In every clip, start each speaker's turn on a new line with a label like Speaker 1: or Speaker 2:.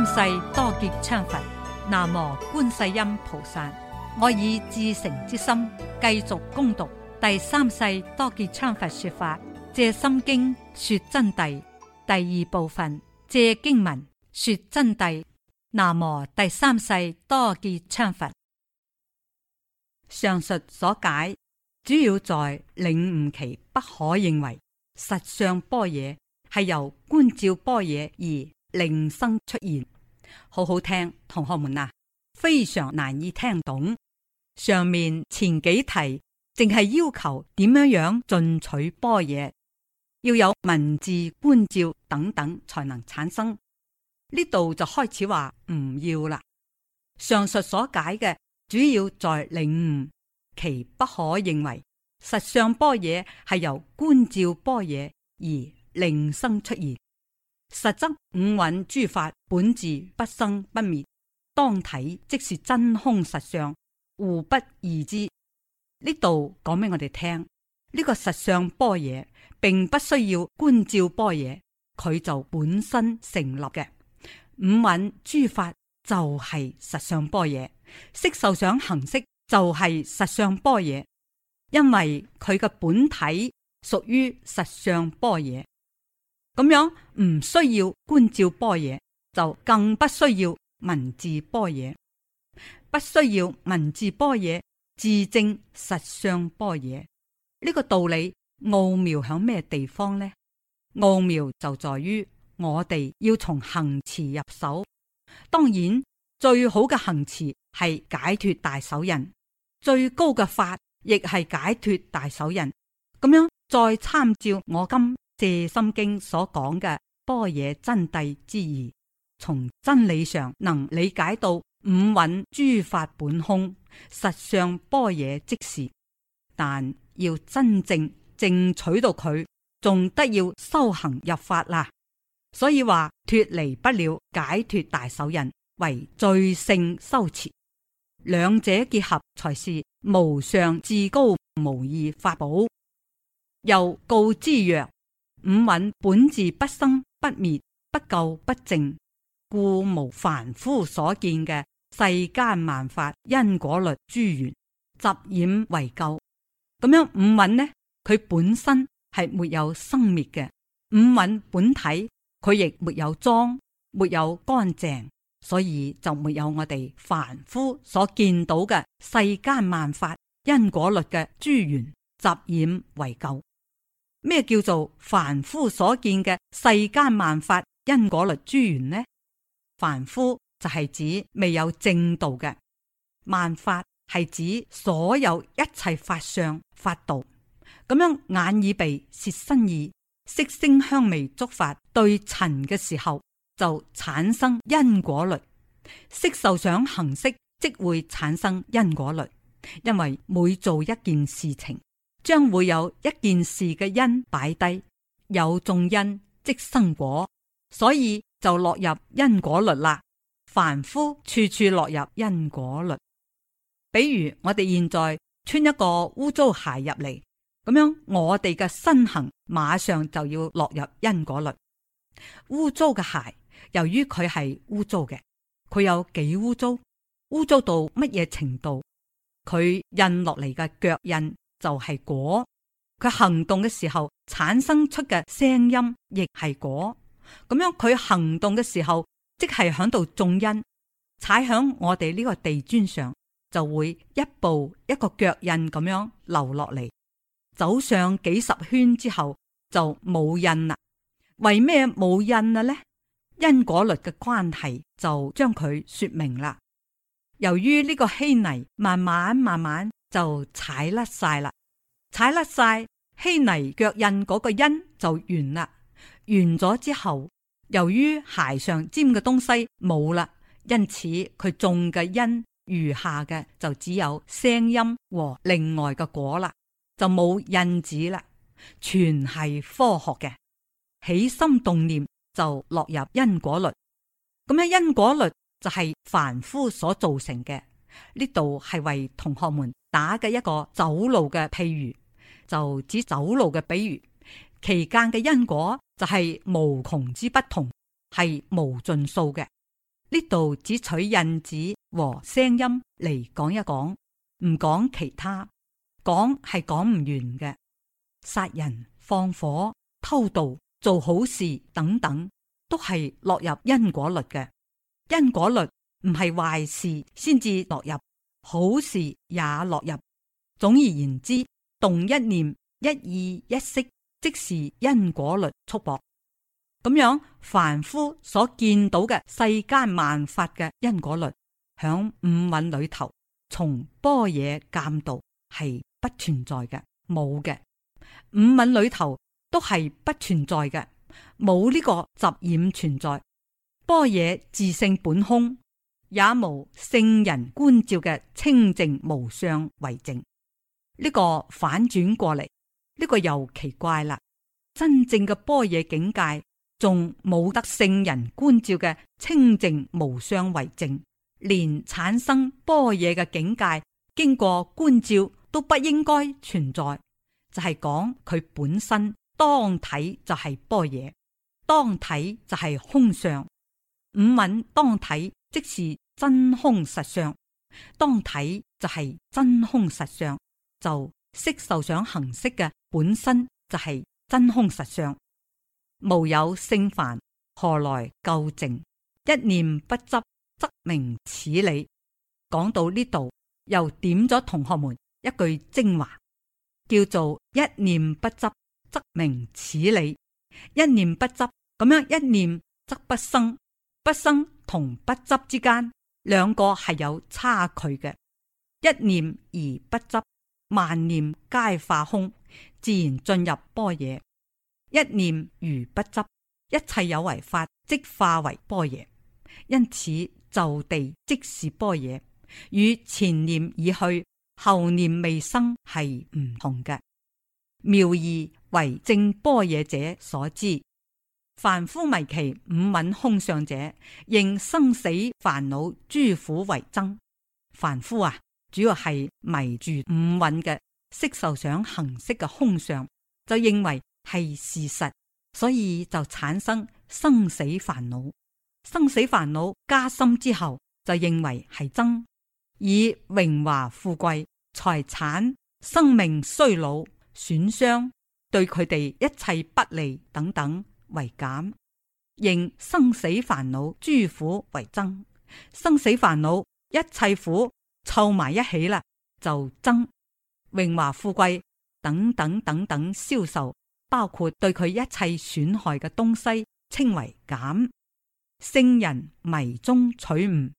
Speaker 1: 三世多杰羌佛，南無觀世音菩薩。我以至誠之心，繼續恭讀第三世多杰羌佛說法《藉心經》說真諦第二部分《藉經文說真諦》，南無第三世多杰羌佛。上述所解主要在領悟其不可認為實相般若係由觀照般若而另生出現。好好聽，同學們啊，非常難以聽懂。上面前幾題淨係要求點樣樣進取般若，要有文字觀照等等才能產生。呢度就開始話唔要啦。上述所解嘅主要在領悟，其不可認為實相般若係由觀照般若而另生出現。實則五蘊諸法本自不生不滅，當體即是真空實相，互不而知。呢度講俾我哋聽，呢、這個實相般若並不需要觀照般若，佢就本身成立嘅五蘊諸法就係實相般若，色受想行識就係實相般若，因為佢嘅本體屬於實相般若。咁樣唔需要觀照般若，就更不需要文字般若，不需要文字般若，自證實相般若。呢個道理奧妙響咩地方呢？奧妙就在於我哋要從行持入手。當然最好嘅行持係解脱大手印，最高嘅法亦係解脱大手印。咁樣再參照我今。《藉心經》所講嘅般若真諦之義，從真理上能理解到五蘊諸法本空，實相般若即是，但要真正正取到佢，仲得要修行入法啦。所以話脫離不了解脫大手印為最勝修持，兩者結合才是無上至高無二法寶。又告之曰。五蘊本自不生不滅，不垢不淨，故無凡夫所見嘅世間萬法因果律諸緣雜染為垢。咁樣五蘊呢？佢本身係沒有生滅嘅，五蘊本體佢亦沒有髒，沒有乾淨，所以就沒有我哋凡夫所見到嘅世間萬法因果律嘅諸緣雜染為垢。咩叫做凡夫所見嘅世間萬法因果律諸緣呢？凡夫就係指未有正道嘅。萬法係指所有一切法相法道。咁樣眼耳鼻舌身意色聲香味觸法對塵嘅時候，就產生因果律；色受想行識即會產生因果律，因為每做一件事情。將會有一件事嘅因擺低，有種因即生果，所以就落入因果律啦。凡夫處處落入因果律，比如我哋現在穿一個污糟鞋入嚟，咁樣我哋嘅身行馬上就要落入因果律。污糟嘅鞋，由於佢係污糟嘅，佢有幾污糟，污糟到乜嘢程度，佢印落嚟嘅腳印。就係果，佢行動嘅時候產生出嘅聲音亦係果，咁樣佢行動嘅時候即係響度種因，踩響我哋呢個地磚上就會一步一個腳印咁樣留落嚟，走上幾十圈之後就冇印啦。為咩冇印啦呢？因果律嘅關係就將佢說明啦。由於呢個稀泥慢慢慢慢。就踩甩晒啦，踩甩晒，稀泥腳印嗰個因就完啦。完咗之後，由於鞋上沾嘅東西冇啦，因此佢種嘅因餘下嘅就只有聲音和另外嘅果啦，就冇印子啦，全係科學嘅。起心動念就落入因果律，咁樣因果律就係凡夫所造成嘅。呢度係為同學們。打嘅一個走路嘅譬如，就指走路嘅比喻。期間嘅因果就係無窮之不同，係無盡數嘅。呢度只取印子和聲音嚟講一講，唔講其他，講係講唔完嘅。殺人、放火、偷渡、做好事等等，都係落入因果律嘅。因果律唔係壞事先至落入。好事也落入。總而言之，動一念、一意、一識，即是因果律束縛。咁樣凡夫所見到嘅世間萬法嘅因果律，響五蘊裏頭，從波野鑒度，係不存在嘅，冇嘅。五蘊裏頭都係不存在嘅，冇呢個雜染存在。波野自性本空。也無聖人觀照嘅清淨無相為證，呢、這個反轉過嚟，呢、這個又奇怪啦。真正嘅般若境界仲冇得聖人觀照嘅清淨無相為證，連產生般若嘅境界經過觀照都不應該存在，就係講佢本身當體就係般若，當體就係空相，五蘊當體。即是真空實相，當體就係真空實相，就色受想行識嘅本身就係真空實相，無有聖凡，何來究竟？一念不執，則明此理。講到呢度，又點咗同學們一句精華，叫做一念不執，則明此理。一念不執，咁樣一念則不生，不生。同不執之間，兩個係有差距嘅。一念而不執，萬念皆化空，自然進入般若。一念如不執，一切有為法即化為般若。因此就地即是般若，與前念已去、後念未生係唔同嘅。妙義為正般若者所知。凡夫迷其五蘊空相者，認生死煩惱諸苦為真。凡夫啊，主要係迷住五蘊嘅色受想行識嘅空相，就認為係事實，所以就產生生死煩惱。生死煩惱加深之後，就認為係真，以榮華富貴、財產、生命衰老、損傷對佢哋一切不利等等。為減，認生死煩惱諸苦為增，生死煩惱一切苦湊埋一起啦，就增榮華富貴等等等等消受，包括對佢一切損害嘅東西稱為減。聖人迷中取悟，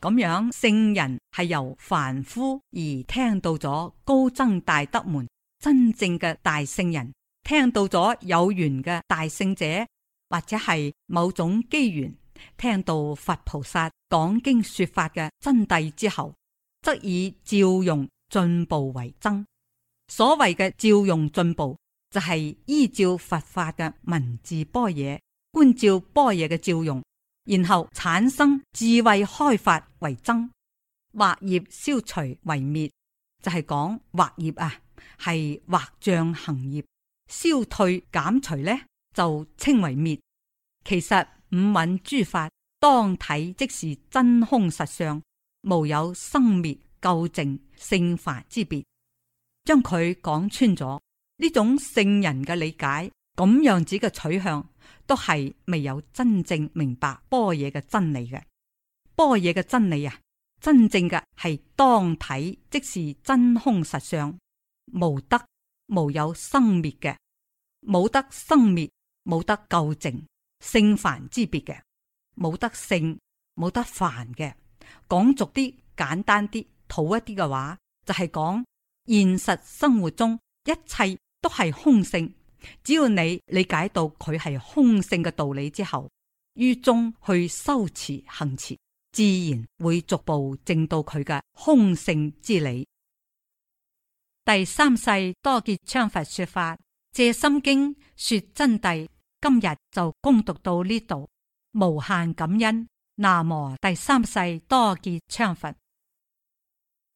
Speaker 1: 咁樣聖人係由凡夫而聽到咗高僧大德們，真正嘅大聖人。聽到咗有緣嘅大聖者，或者係某種機緣，聽到佛菩薩講經說法嘅真諦之後，則以照用進步為增。所謂嘅照用進步，就係、是、依照佛法嘅文字般若、觀照般若嘅照用，然後產生智慧開發為增，惑業消除為滅。就係講惑業啊，係惑障行業。消退減除呢，就稱為滅。其實五蘊諸法當體即是真空實相，無有生滅、垢淨、聖凡之別。將佢講穿咗，呢種聖人嘅理解咁樣子嘅取向，都係未有真正明白般若嘅真理嘅。般若嘅真理啊，真正嘅係當體即是真空實相，無得無有生滅嘅。冇得生滅，冇得垢淨聖凡之別嘅，冇得聖冇得凡嘅。講俗啲簡單啲土一啲嘅話，就係、是、講現實生活中一切都係空性。只要你理解到佢係空性嘅道理之後，於中去修持行持，自然會逐步證到佢嘅空性之理。第三世多杰羌佛說法。借心經說真諦，今日就攻讀到呢度，無限感恩。那麼第三世多見昌佛。